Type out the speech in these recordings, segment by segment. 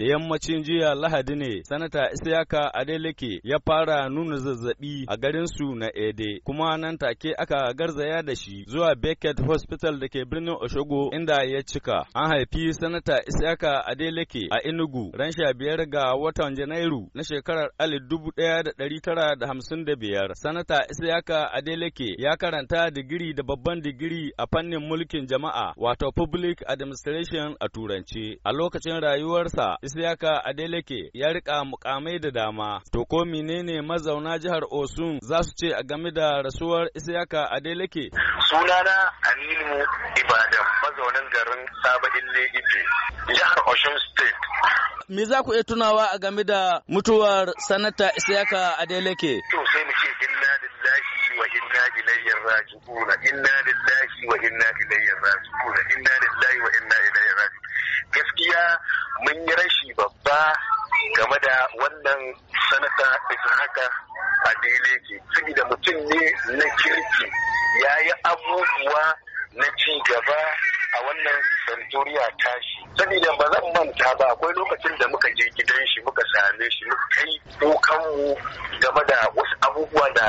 Da yammacin jiya Lahadi ne, Sanata Isiyaka Adeleke ya fara nuna zazzabi a garinsu na Ede, kuma nan take aka garzaya da shi zuwa Beckett Hospital da ke birnin Oshogo inda ya cika. An haifi Sanata Isiyaka Adeleke a Enugu ran sha biyar ga watan Janairu na shekarar alif dubu ɗaya da ɗari tara da hamsin da biyar. Sanata Isiyaka Adeleke ya karanta digiri da babban digiri a fannin mulkin jama'a wato Public Administration a Turanci. A lokacin rayuwarsa, Isiyaka Adeleke ya rika mukamai da dama. To ko menene mazauna jihar Osun za su ce a game da rasuwar Isiyaka Adeleke? Sunana Aminu Ibadan mazaunin garin Saba'in Legife, jihar Osun State. Me za ku iya tunawa a game da mutuwar sanata Isiyaka Adeleke? To sai mu ce inna lillahi wa inna ilayhi raji'un inna lillahi wa inna ilayhi raji'un inna lillahi wa inna game da wannan sanata haka a daidai ke da mutum ne na kirki ya yi abubuwa na ci gaba a wannan santoriya tashi saboda ba zan manta ba akwai lokacin da muka je gidan shi muka same shi muka kai kukanmu game da wasu abubuwa da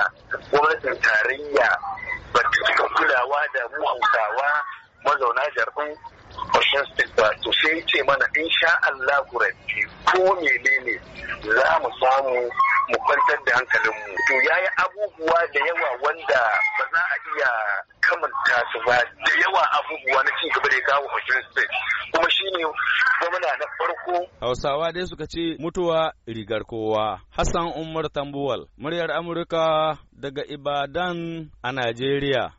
gwamnatin tarayya ba ta kulawa da mu hausawa mazauna jarbin kwashin state ba to sai ce mana in sha Allah rabbi ko menene za mu samu mu kwantar da hankalinmu to yayi abubuwa da yawa wanda ba za a iya kamanta su ba da yawa abubuwa na ci gaba da ya kawo kwashin State kuma ne gwamna na farko Hausawa dai suka ce mutuwa rigar kowa Hassan Umar Tambuwal muryar Amurka daga Ibadan a Najeriya